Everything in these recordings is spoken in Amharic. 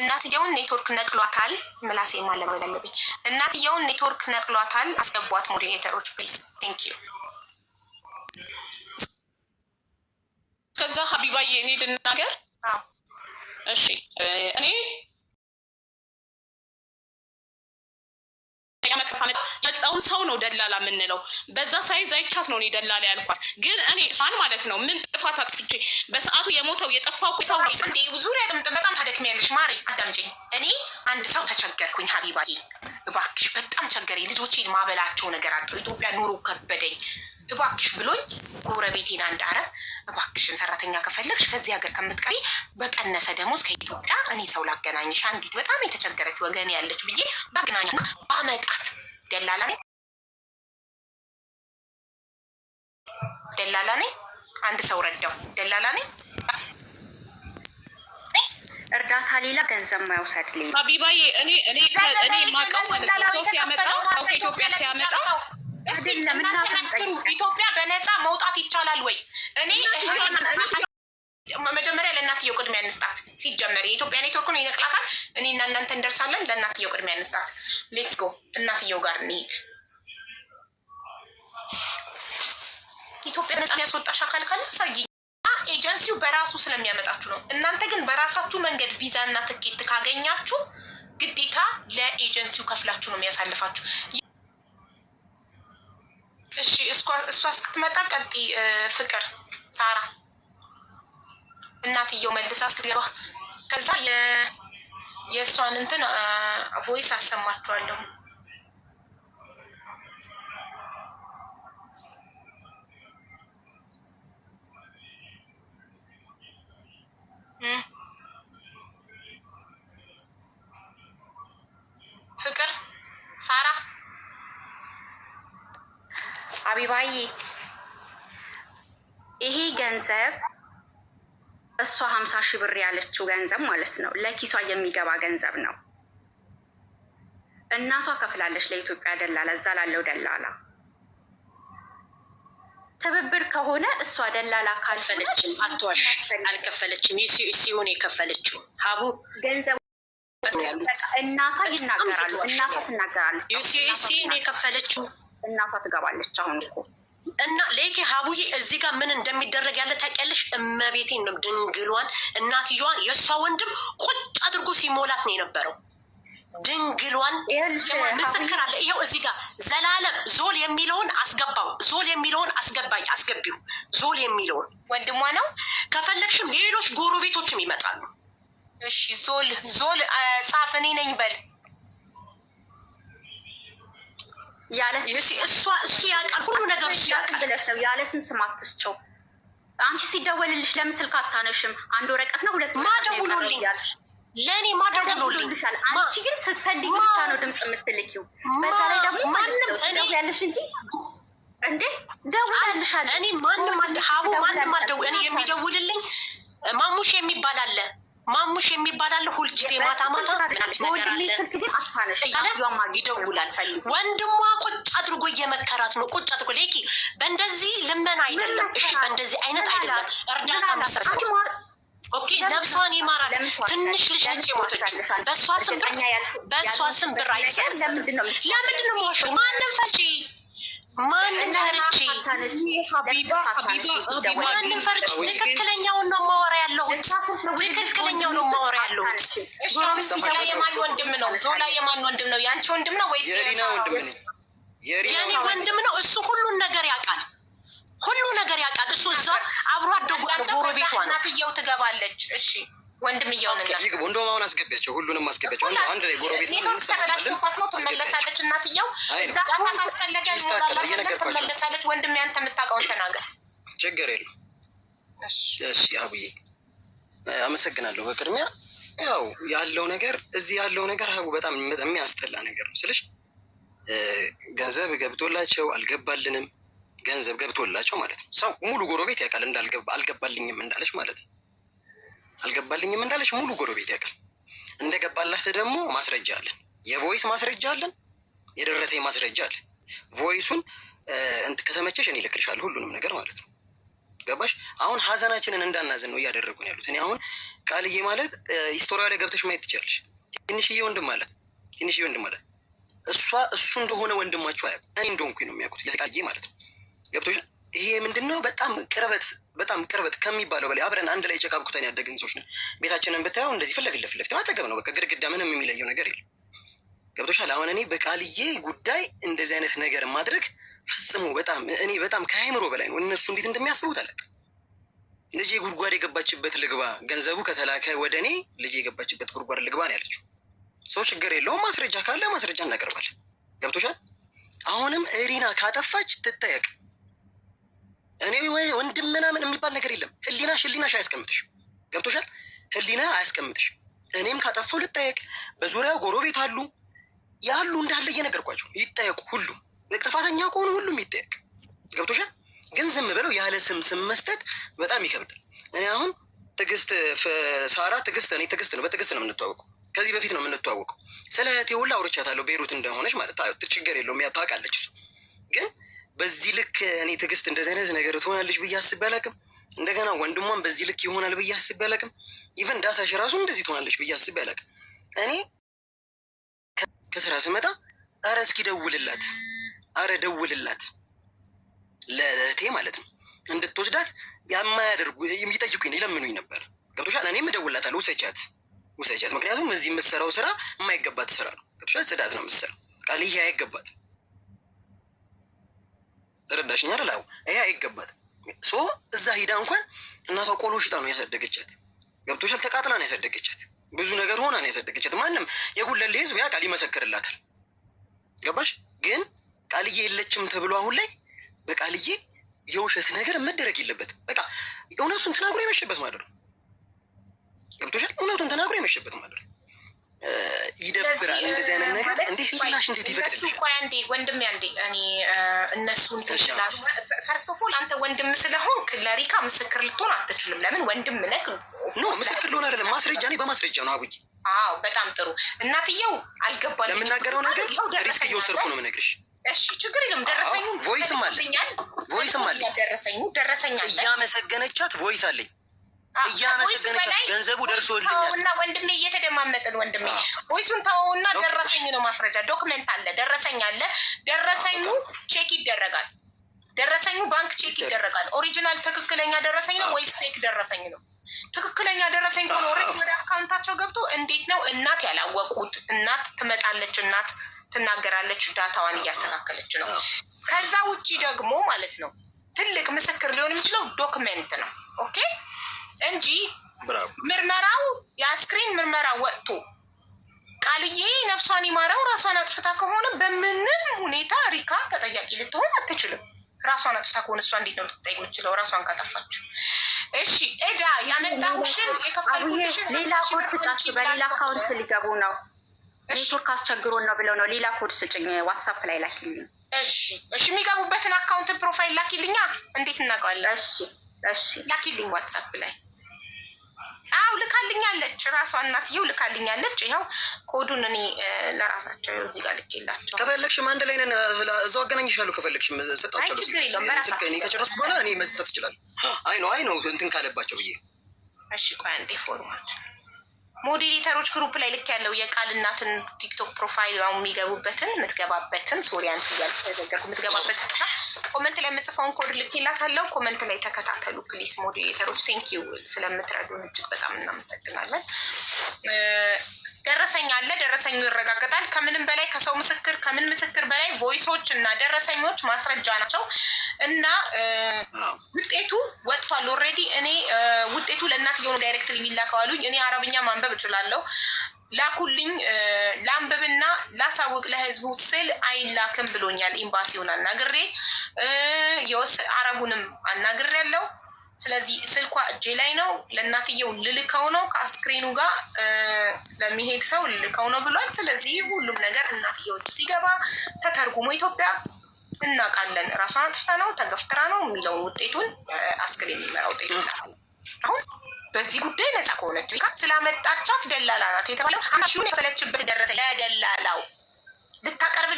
እናትየውን ኔትወርክ ነቅሏታል። ምላሴ ማለማመድ አለብኝ። እናትየውን ኔትወርክ ነቅሏታል። አስገቧት ሞዲሬተሮች ፕሊስ። ቴንክ ዩ። ከዛ ሀቢባዬ እኔ ልናገር። እሺ እኔ የመጣውን ሰው ነው ደላላ የምንለው። በዛ ሳይዝ አይቻት ነው እኔ ደላላ ያልኳት። ግን እኔ እሷን ማለት ነው ምን ጥፋት አጥፍቼ በሰዓቱ የሞተው የጠፋው ሰው ዙሪያ ጥምጥ በጣም ተደክሚያለሽ ማሪ፣ አዳምጪኝ። እኔ አንድ ሰው ተቸገርኩኝ ሀቢባ እባክሽ በጣም ቸገረኝ፣ ልጆቼን ማበላቸው ነገር አጣሁ፣ ኢትዮጵያ ኑሮ ከበደኝ፣ እባክሽ ብሎኝ ጎረቤቴን አንድ አረብ እባክሽን ሰራተኛ ከፈለግሽ ከዚህ ሀገር ከምትቀሪ በቀነሰ ደሞዝ ከኢትዮጵያ እኔ ሰው ላገናኝሽ አንዲት በጣም የተቸገረች ወገን ያለች ብዬ ባገናኝና ባመጣት ደላላ ነኝ ደላላ ነኝ አንድ ሰው ረዳው ደላላ ነኝ እርዳታ ሌላ ገንዘብ ማይወሰድ ሌ ሀቢባዬ እኔ እኔ እኔ ማለት ነው ሰው ሲያመጣ ሰው ከኢትዮጵያ ሲያመጣ እናንተ መስክሩ ኢትዮጵያ በነፃ መውጣት ይቻላል ወይ እኔ መጀመሪያ ለእናትየው ቅድሚያ እንስጣት ሲጀመር የኢትዮጵያ ኔትወርኩን ይነቅላታል እኔ እና እናንተ እንደርሳለን ለእናትየው ቅድሚያ እንስጣት ሌትስ ጎ እናትየው ጋር እንሂድ ኢትዮጵያ ነፃ የሚያስወጣሽ አካል ካለ ኤጀንሲው በራሱ ስለሚያመጣችሁ ነው። እናንተ ግን በራሳችሁ መንገድ ቪዛ እና ትኬት ካገኛችሁ ግዴታ ለኤጀንሲው ከፍላችሁ ነው የሚያሳልፋችሁ። እሺ፣ እሷ እስክትመጣ ቀጢ ፍቅር ሳራ እናትየው መልሳ እስክትገባ ከዛ የእሷን እንትን ቮይስ አሰማችኋለሁ። ሀቢባዬ ይሄ ገንዘብ እሷ ሀምሳ ሺህ ብር ያለችው ገንዘብ ማለት ነው ለኪሷ የሚገባ ገንዘብ ነው። እናቷ ከፍላለች ለኢትዮጵያ ደላላ፣ እዛ ላለው ደላላ ትብብር ከሆነ እሷ ደላላ ካልፈለችም፣ አትዋሽ፣ አልከፈለችም። ሲሆን የከፈለችው ሀቡ ገንዘብ እናቷ ይናገራሉ፣ እናቷ ትናገራለች። ሲሆን የከፈለችው እናቷ ትገባለች። አሁን እኮ እና ሌኪ ሀቡዬ እዚህ ጋር ምን እንደሚደረግ ያለ ታውቂያለሽ? እመቤቴ ነው ድንግሏን እናትየዋን የእሷ ወንድም ቁጭ አድርጎ ሲሞላት ነው የነበረው። ድንግሏን ምስክር አለ። ይኸው እዚህ ጋር ዘላለም ዞል የሚለውን አስገባው። ዞል የሚለውን አስገባኝ፣ አስገቢው። ዞል የሚለውን ወንድሟ ነው። ከፈለግሽም ሌሎች ጎረቤቶችም ይመጣሉ። እሺ ዞል ዞል ጻፍ፣ እኔ ነኝ በል እሱ ያውቃል፣ ሁሉ ነገር እሱ ያውቃል ብለሽ ነው ያለ ስም ስም አንቺ ሲደወልልሽ ለምን ስልክ አታነሽም? አንድ ወረቀት ነው ሁለት ማደውሉልኝ ለእኔ አንቺ ግን ስትፈልጊ ብቻ ነው ድምፅ የምትልኪው። በዛ ላይ ደግሞ ያለሽ እንጂ እንዴ እኔ ማንም ሀቡ ማንም አልደው እኔ የሚደውልልኝ ማሙሽ የሚባል አለ ማሙሽ የሚባል አለ። ሁልጊዜ ማታ ማታ ምን ነገር አለ ይደውላል። ወንድሟ ቁጭ አድርጎ እየመከራት ነው። ቁጭ አድርጎ ሌኪ በእንደዚህ ልመና አይደለም፣ እሺ፣ በእንደዚህ አይነት አይደለም እርዳታ ሚሰሰ ኦኬ፣ ነብሷን ይማራት። ትንሽ ልጅ ነች የሞተችው። በእሷ ስም ብር በእሷ ስም ብር አይሰሰ። ለምንድን ነው ማንም ፈጪ ማንን ፈርቼ ማንን ፈርቼ? ትክክለኛውን ነው የማወራ ያለሁት። ትክክለኛውን ነው የማወራ ያለሁት። ዞላ የማን ወንድም ነው? ዞላ የማን ወንድም ነው? የአንቺ ወንድም ነው ወይስ የኔ ወንድም ነው? እሱ ሁሉን ነገር ያውቃል። ሁሉ ነገር ያውቃል። እሱ እዛ አብሮ አደጉ ጎረቤቷ እናትየው ትገባለች። እሺ ወንድም እየሆን ይግቡ። እንደውም አሁን አስገቢያቸው፣ ሁሉንም አስገቢያቸው። አንድ አንድ ላይ ጎረቤት ተበላሽቶባት ነው ትመለሳለች። እናትየው እዛ ካስፈለገ ትመለሳለች። ወንድም ያንተ የምታውቀውን ተናገር፣ ችግር የለም። እሺ አብዬ አመሰግናለሁ። በቅድሚያ ያው ያለው ነገር እዚህ ያለው ነገር ሀቡ በጣም የሚያስጠላ ነገር ነው ስልሽ ገንዘብ ገብቶላቸው አልገባልንም፣ ገንዘብ ገብቶላቸው ማለት ነው። ሰው ሙሉ ጎረቤት ያውቃል እንዳልገባ አልገባልኝም እንዳለች ማለት ነው። አልገባልኝም እንዳለች ሙሉ ጎረቤት ያውቃል። እንደገባላት ደግሞ ማስረጃ አለን። የቮይስ ማስረጃ አለን። የደረሰ ማስረጃ አለን። ቮይሱን ከተመቸሽ እኔ እልክልሻለሁ፣ ሁሉንም ነገር ማለት ነው። ገባሽ? አሁን ሀዘናችንን እንዳናዝን ነው እያደረጉን ያሉት። እኔ አሁን ቃልዬ ማለት ሂስቶሪ ላይ ገብተሽ ማየት ትችላለሽ። ትንሽዬ ወንድም አላት፣ ትንሽዬ ወንድም አላት። እሷ እሱ እንደሆነ ወንድማቸው አያውቁ እኔ እንደሆንኩኝ ነው የሚያውቁት። የቃልዬ ማለት ነው ገብቶሽ ይሄ ምንድነው? በጣም ቅርበት በጣም ቅርበት ከሚባለው በላይ አብረን አንድ ላይ ጨቃብ ያደግን ሰዎች ነን። ቤታችንን ብታየው እንደዚህ ፍለፊት ለፍለፊት አጠገብ ነው። በቃ ግድግዳ ምንም የሚለየው ነገር የለም። ገብቶሻል? አሁን እኔ በቃልዬ ጉዳይ እንደዚህ አይነት ነገር ማድረግ ፈጽሞ በጣም እኔ በጣም ከአይምሮ በላይ ነው። እነሱ እንዴት እንደሚያስቡት አለቅ ልጅ ጉድጓድ የገባችበት ልግባ፣ ገንዘቡ ከተላከ ወደ እኔ ልጅ የገባችበት ጉድጓድ ልግባ ነው ያለችው። ሰው ችግር የለውም ማስረጃ ካለ ማስረጃ እናቀርባለን። ገብቶሻል? አሁንም እሪና ካጠፋች ትጠየቅ። እኔ ወይ ወንድም ምናምን የሚባል ነገር የለም። ህሊናሽ ህሊናሽ አያስቀምጥሽም። ገብቶሻል? ህሊና አያስቀምጥሽም። እኔም ካጠፋው ልጠየቅ። በዙሪያው ጎረቤት አሉ ያሉ እንዳለ እየነገርኳቸው ይጠየቁ። ሁሉም ጥፋተኛ ከሆኑ ሁሉም ይጠየቅ። ገብቶሻል? ግን ዝም ብለው ያለ ስም ስም መስጠት በጣም ይከብዳል። እኔ አሁን ትዕግስት ሳራ ትዕግስት እኔ ትዕግስት ነው በትዕግስት ነው የምንተዋወቀው። ከዚህ በፊት ነው የምንተዋወቀው። ስለ እህቴ ሁላ አውርቻታለሁ፣ ቤሩት እንደሆነች ማለት ችግር የለውም ታውቃለች እሱ ግን በዚህ ልክ እኔ ትዕግስት እንደዚህ አይነት ነገር ትሆናለች ብዬ አስቤ አላቅም። እንደገና ወንድሟን በዚህ ልክ ይሆናል ብዬ አስቤ አላቅም። ኢቨን ዳሳሽ ራሱ እንደዚህ ትሆናለች ብዬ አስቤ አላቅም። እኔ ከስራ ስመጣ አረ እስኪ ደውልላት፣ አረ ደውልላት ለእቴ ማለት ነው እንድትወስዳት የማያደርጉ የሚጠይቁኝ ይለምኑኝ ነበር። ገብቶሻል። እኔም እደውልላታለሁ ውሰጃት ውሰጃት፣ ምክንያቱም እዚህ የምትሰራው ስራ የማይገባት ስራ ነው። ገብቶሻል። ጽዳት ነው የምትሰራው ቃል ይሄ አይገባትም። ተረዳሽኝ አይደል? አዎ ይሄ አይገባትም። ሶ እዛ ሂዳ እንኳን እናቷ ቆሎ ሽጣ ነው ያሳደገቻት። ገብቶሻል? ተቃጥላ ነው ያሳደገቻት። ብዙ ነገር ሆና ነው ያሳደገቻት። ማንም የጉለሌ ህዝብ ያ ቃል ይመሰክርላታል። ገባሽ? ግን ቃልዬ የለችም ተብሎ አሁን ላይ በቃልዬ የውሸት ነገር መደረግ የለበትም። በቃ እውነቱን ተናግሮ የመሸበት ማለት ነው። ገብቶሻል? እውነቱን ተናግሮ የመሸበት ማለት ነው። ይደብራል። እንደዚህ አይነት ነገር እንዴት ይፈቅድልሽ? እነሱ ቆይ አንዴ ወንድሜ አንዴ እኔ እነሱን ትችላል። ፈርስት ኦፍ ኦል አንተ ወንድም ስለሆንክ ለሪካ ምስክር ልትሆን አትችልም። ለምን ወንድም ነክ ኖ ምስክር ልሆን አይደለም፣ ማስረጃ እኔ በማስረጃ ነው አዎ በጣም ጥሩ። እናትየው አልገባል ለምናገረው ነገር ሪስክ እየወሰድኩ ነው የምነግርሽ። እሺ ችግር የለም። ደረሰኙ ቮይስም አለ ቮይስም አለ ደረሰኙ ደረሰኛል እያመሰገነቻት ቮይስ አለኝ እያመሰገነች ገንዘቡ ደርሶልኛልና ወንድሜ እየተደማመጥን ወንድሜ ተወውና ደረሰኝ ነው ማስረጃ ዶክመንት አለ ደረሰኝ አለ ደረሰኙ ቼክ ይደረጋል ደረሰኙ ባንክ ቼክ ይደረጋል ኦሪጂናል ትክክለኛ ደረሰኝ ነው ወይስ ፌክ ደረሰኝ ነው ትክክለኛ ደረሰኝ ከሆነ ኦልሬዲ ወደ አካውንታቸው ገብቶ እንዴት ነው እናት ያላወቁት እናት ትመጣለች እናት ትናገራለች ዳታዋን እያስተካከለች ነው ከዛ ውጭ ደግሞ ማለት ነው ትልቅ ምስክር ሊሆን የሚችለው ዶክመንት ነው ኦኬ እንጂ ምርመራው የአስክሬን ምርመራ ወጥቶ ቃልዬ ነፍሷን ይማረው ራሷን አጥፍታ ከሆነ በምንም ሁኔታ ሪካ ተጠያቂ ልትሆን አትችልም። ራሷን አጥፍታ ከሆነ እሷ እንዴት ነው ልትጠይቅ የምችለው? ራሷን ካጠፋችሁ። እሺ እዳ ያመጣሁሽን የከፈልኩሽን ሌላ ኮድ ስጫቸው። በሌላ አካውንት ሊገቡ ነው፣ ኔትወርክ አስቸግሮን ነው ብለው ነው። ሌላ ኮድ ስጭኝ፣ ዋትሳፕ ላይ ላኪልኝ። እሺ እሺ፣ የሚገቡበትን አካውንት ፕሮፋይል ላኪልኛ። እንዴት እናውቀዋለን? እሺ እሺ፣ ላኪልኝ ዋትሳፕ ላይ አው ልካልኛለች፣ ራሷ እናትየው ልካልኛለች። ይኸው ኮዱን እኔ ለራሳቸው ይኸው እዚህ ጋር ልኬላቸው። ከፈለግሽም አንድ ላይ ነን፣ እዛው አገናኝሻለሁ። ከፈለግሽም ሰጣቸዋለሁ። ከጨረስኩ በኋላ እኔ መስጠት እችላለሁ። አይ ነው አይ ነው እንትን ካለባቸው ብዬ። እሺ ቆይ አንዴ ፎርማል ሞዴሬተሮች ግሩፕ ላይ ልክ ያለው የቃል እናትን ቲክቶክ ፕሮፋይል የሚገቡበትን የምትገባበትን ሶሪያን እያልተዘገርኩ የምትገባበት ኮመንት ላይ የምጽፈውን ኮድ ይላታለው። ኮመንት ላይ ተከታተሉ ፕሊስ ሞዴሬተሮች። ቴንክ ዩ ስለምትረዱን እጅግ በጣም እናመሰግናለን። ደረሰኝ አለ፣ ደረሰኙ ይረጋገጣል። ከምንም በላይ ከሰው ምስክር ከምን ምስክር በላይ ቮይሶች እና ደረሰኞች ማስረጃ ናቸው እና ውጤቱ ወጥቷል ኦልሬዲ። እኔ ውጤቱ ለእናትየው ነው ዳይሬክትሊ የሚላከው አሉኝ። እኔ አረብኛ ማንበብ ማንበብ እችላለሁ። ላኩልኝ ለአንብብና ላሳውቅ ለህዝቡ ስል አይላክም ብሎኛል። ኤምባሲውን አናግሬ አረቡንም አናግሬ ያለው። ስለዚህ ስልኳ እጄ ላይ ነው። ለእናትየው ልልከው ነው፣ ከአስክሪኑ ጋር ለሚሄድ ሰው ልልከው ነው ብሏል። ስለዚህ ሁሉም ነገር እናትየው ሲገባ ተተርጉሞ ኢትዮጵያ እናውቃለን። ራሷን አጥፍታ ነው ተገፍትራ ነው የሚለውን ውጤቱን አስክሬን የሚመራ ውጤቱ አሁን በዚህ ጉዳይ ነጻ ከሆነች ቢካ ስላመጣቻት ደላላ ናት የተባለው አንድ የከፈለችበት ደረሰ ለደላላው ልታቀርብ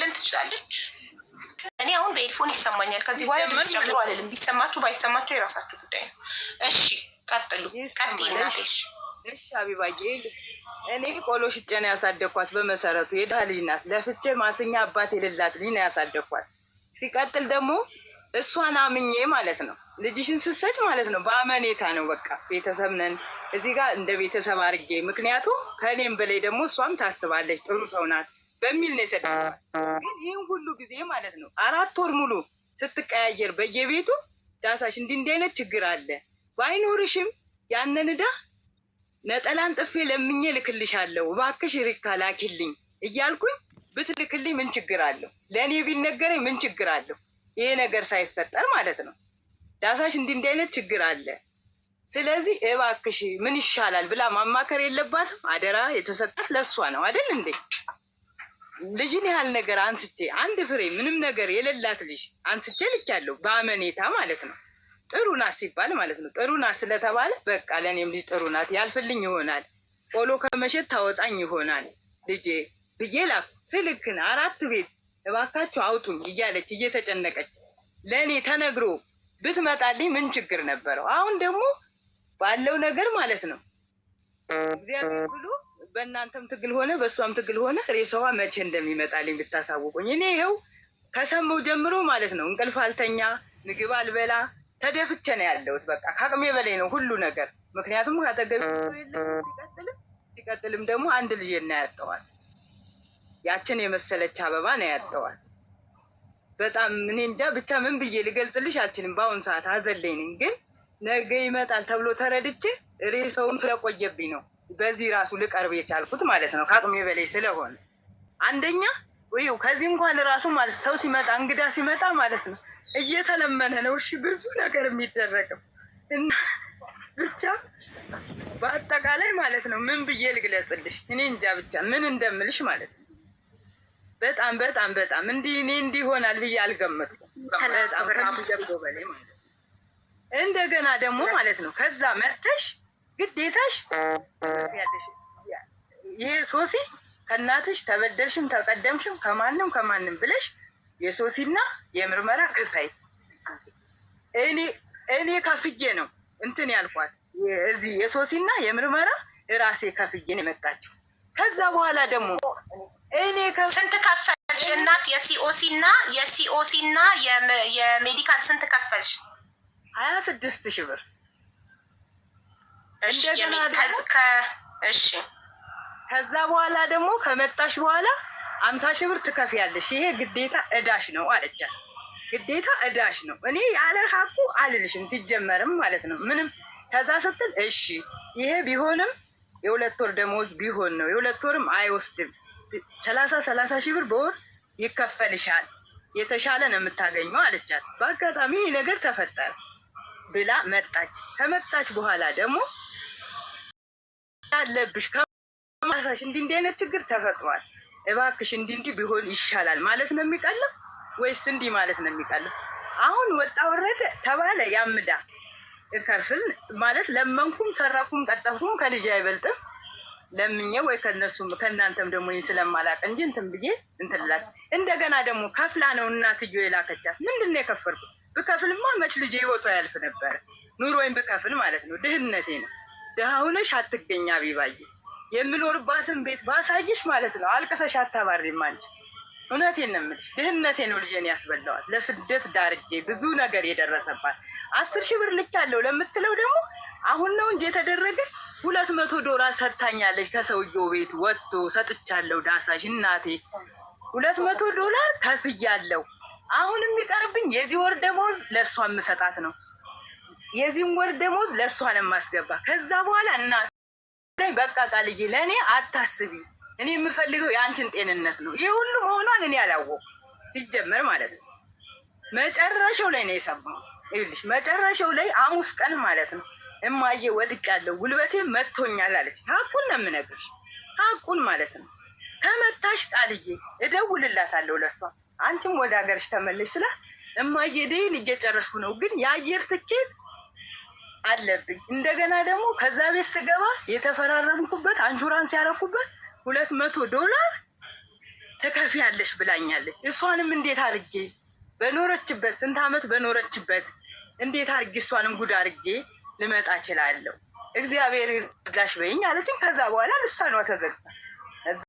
ልን ትችላለች። እኔ አሁን በኤድፎን ይሰማኛል። ከዚህ በኋላ ድምፅ ጨምሮ አልልም። ቢሰማችሁ ባይሰማችሁ የራሳችሁ ጉዳይ ነው። እሺ ቀጥሉ፣ ቀጥይ እሺ አቢባዬ እኔ ቆሎ ሽጬ ነው ያሳደግኳት። በመሰረቱ የድሃ ልጅ ናት። ለፍቼ ማስኛ አባት የሌላት ልጅ ነው ያሳደግኳት። ሲቀጥል ደግሞ እሷን አምኜ ማለት ነው ልጅሽን ስትሰጭ ማለት ነው በአመኔታ ነው በቃ ቤተሰብ ነን እዚህ ጋር እንደ ቤተሰብ አድርጌ ምክንያቱም ከእኔም በላይ ደግሞ እሷም ታስባለች ጥሩ ሰው ናት በሚል ነው የሰደ ግን ይህን ሁሉ ጊዜ ማለት ነው አራት ወር ሙሉ ስትቀያየር በየቤቱ ዳሳሽ እንዲህ እንዲህ አይነት ችግር አለ ባይኖርሽም ያንን ዕዳ ነጠላን ጥፌ ለምኜ ልክልሻለሁ እባክሽ ሪካ ላኪልኝ እያልኩኝ ብትልክልኝ ምን ችግር አለው? ለእኔ ቢነገረኝ ምን ችግር አለው? ይሄ ነገር ሳይፈጠር ማለት ነው። ዳሳሽ እንዲህ እንዲህ አይነት ችግር አለ፣ ስለዚህ እባክሽ ምን ይሻላል ብላ ማማከር የለባትም። አደራ የተሰጣት ለእሷ ነው አይደል እንዴ? ልጅን ያህል ነገር አንስቼ አንድ ፍሬ ምንም ነገር የሌላት ልጅ አንስቼ ልኬያለሁ፣ በአመኔታ ማለት ነው። ጥሩ ናት ሲባል ማለት ነው። ጥሩ ናት ስለተባለ በቃ ለእኔም ልጅ ጥሩ ናት ያልፍልኝ ይሆናል፣ ቆሎ ከመሸት ታወጣኝ ይሆናል ልጄ ብዬ ስልክን አራት ቤት እባካችሁ አውጡኝ እያለች እየተጨነቀች ለእኔ ተነግሮ ብትመጣልኝ ምን ችግር ነበረው? አሁን ደግሞ ባለው ነገር ማለት ነው እግዚአብሔር ብሎ በእናንተም ትግል ሆነ በእሷም ትግል ሆነ ሬሳዋ መቼ እንደሚመጣልኝ ብታሳውቁኝ። እኔ ይኸው ከሰማሁ ጀምሮ ማለት ነው እንቅልፍ አልተኛ፣ ምግብ አልበላ፣ ተደፍቼ ነው ያለሁት። በቃ ከአቅሜ በላይ ነው ሁሉ ነገር። ምክንያቱም አጠገቤ ሲቀጥልም ሲቀጥልም ደግሞ አንድ ልጅ እናያጠዋል ያችን የመሰለች አበባ ነው ያጠዋል። በጣም እኔ እንጃ ብቻ ምን ብዬ ልገልጽልሽ አልችልም። በአሁኑ ሰዓት አዘለኝ ግን ነገ ይመጣል ተብሎ ተረድቼ ሬሳውን ስለቆየብኝ ነው በዚህ ራሱ ልቀርብ የቻልኩት ማለት ነው ከአቅሜ በላይ ስለሆነ አንደኛ ወይ ከዚህ እንኳን ራሱ ማለት ሰው ሲመጣ እንግዳ ሲመጣ ማለት ነው እየተለመነ ነው። እሺ ብዙ ነገር የሚደረግም እና ብቻ በአጠቃላይ ማለት ነው ምን ብዬ ልግለጽልሽ እኔ እንጃ ብቻ ምን እንደምልሽ ማለት ነው። በጣም በጣም በጣም እንዲህ እኔ እንዲህ ይሆናል ብዬ አልገመጥኩም። በጣም ከሚገባው በላይ ማለት እንደገና ደግሞ ማለት ነው ከዛ መጥተሽ ግዴታሽ ይሄ ሶሲ ከእናትሽ ተበደልሽም ተቀደምሽም ከማንም ከማንም ብለሽ የሶሲና የምርመራ ክፋይ እኔ እኔ ከፍዬ ነው እንትን ያልኳት እዚህ የሶሲና የምርመራ ራሴ ከፍዬ ነው የመጣችው። ከዛ በኋላ ደግሞ እኔ ስንት ከፈልሽ እናት? የሲኦሲ እና የሲኦሲ እና የሜዲካል ስንት ከፈልሽ? ሀያ ስድስት ሺህ ብር እሺ። ከዛ በኋላ ደግሞ ከመጣሽ በኋላ አምሳ ሺህ ብር ትከፍያለሽ። ይሄ ግዴታ እዳሽ ነው አለቻት። ግዴታ እዳሽ ነው። እኔ ያለ ሀቁ አልልሽም ሲጀመርም ማለት ነው ምንም። ከዛ ስትል እሺ ይሄ ቢሆንም የሁለት ወር ደመወዝ ቢሆን ነው የሁለት ወርም አይወስድም ሰላሳ ሰላሳ ሺህ ብር በወር ይከፈልሻል የተሻለ ነው የምታገኘው አለቻት። በአጋጣሚ ይህ ነገር ተፈጠረ ብላ መጣች። ከመጣች በኋላ ደግሞ ያለብሽ ከማሳሽ እንዲህ እንዲህ አይነት ችግር ተፈጥሯል፣ እባክሽ እንዲህ እንዲህ ቢሆን ይሻላል ማለት ነው የሚቀለው ወይስ እንዲህ ማለት ነው የሚቀለው? አሁን ወጣ ወረደ ተባለ ያምዳ እከፍል ማለት ለመንኩም ሰራኩም ቀጠፍኩም ከልጅ አይበልጥም ለምኜ ወይ ከነሱ ከእናንተም ደግሞ ይህን ስለማላቅ እንጂ እንትን ብዬ እንትንላት እንደገና ደግሞ ከፍላ ነው እናትዮ የላከቻት። ምንድን ነው የከፈልኩት? ብከፍልማ መች ልጅ ህይወቷ ያልፍ ነበረ። ኑሮ ወይም ብከፍል ማለት ነው። ድህነቴ ነው። ድሃ ሁነሽ አትገኛ ቢባዬ የምኖርባትን ቤት ባሳይሽ ማለት ነው። አልቅሰሽ አታባሪም አንቺ። እውነቴን ነው የምልሽ። ድህነቴ ነው ልጄን ያስበላዋል። ለስደት ዳርጌ ብዙ ነገር የደረሰባት አስር ሺህ ብር ልክ ያለው ለምትለው ደግሞ አሁን ነው እንጂ የተደረገ ሁለት መቶ ዶላር ሰጥታኛለች። ከሰውየው ቤት ወጥቶ ሰጥቻለሁ። ዳሳሽ እናቴ ሁለት መቶ ዶላር ከፍያለሁ። አሁን የሚቀርብኝ የዚህ ወር ደሞዝ ለእሷ የምሰጣት ነው። የዚህም ወር ደሞዝ ለእሷ ለማስገባ ከዛ በኋላ እና በቃ ቃልዬ ለእኔ አታስቢ፣ እኔ የምፈልገው የአንችን ጤንነት ነው። ይህ ሁሉ መሆኗን እኔ አላወኩም ሲጀመር ማለት ነው። መጨረሻው ላይ ነው የሰማው። ይኸውልሽ መጨረሻው ላይ አሙስ ቀን ማለት ነው እማዬ ወድቄያለሁ፣ ጉልበቴ መቶኛል አለች። ሀቁን ነው የምነግርሽ፣ ሀቁን ማለት ነው። ከመታሽ ቃልዬ እደውልላታለሁ ለሷ፣ አንቺም ወደ ሀገርሽ ተመለሽ ስላት እማዬ ደይን እየጨረስኩ ነው፣ ግን የአየር ትኬት አለብኝ። እንደገና ደግሞ ከዛ ቤት ስገባ የተፈራረምኩበት አንሹራንስ ያረኩበት ሁለት መቶ ዶላር ትከፍያለሽ ብላኛለች። እሷንም እንዴት አድርጌ በኖረችበት ስንት አመት በኖረችበት እንዴት አድርጌ እሷንም ጉድ አድርጌ ልመጣ እችላለሁ እግዚአብሔር ይርዳሽ በይኝ አለችኝ። ከዛ በኋላ ልሳኗ ተዘጋ።